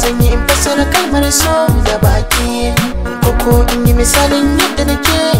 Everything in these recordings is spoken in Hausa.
zanyi yi in fassara kalmar sau da baki ko ko in yi misalin yadda nake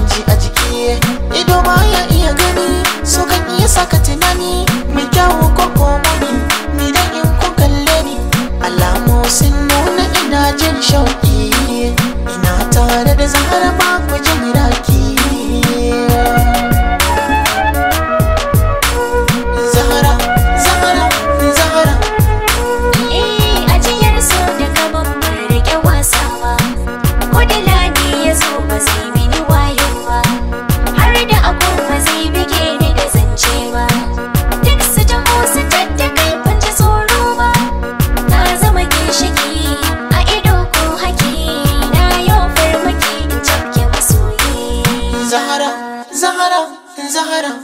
زهرة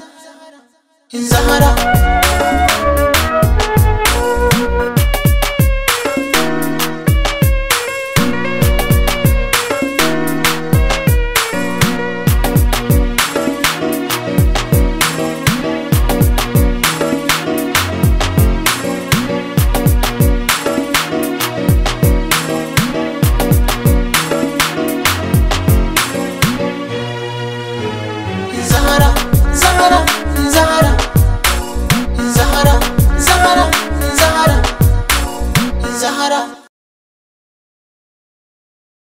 زهرة زهرة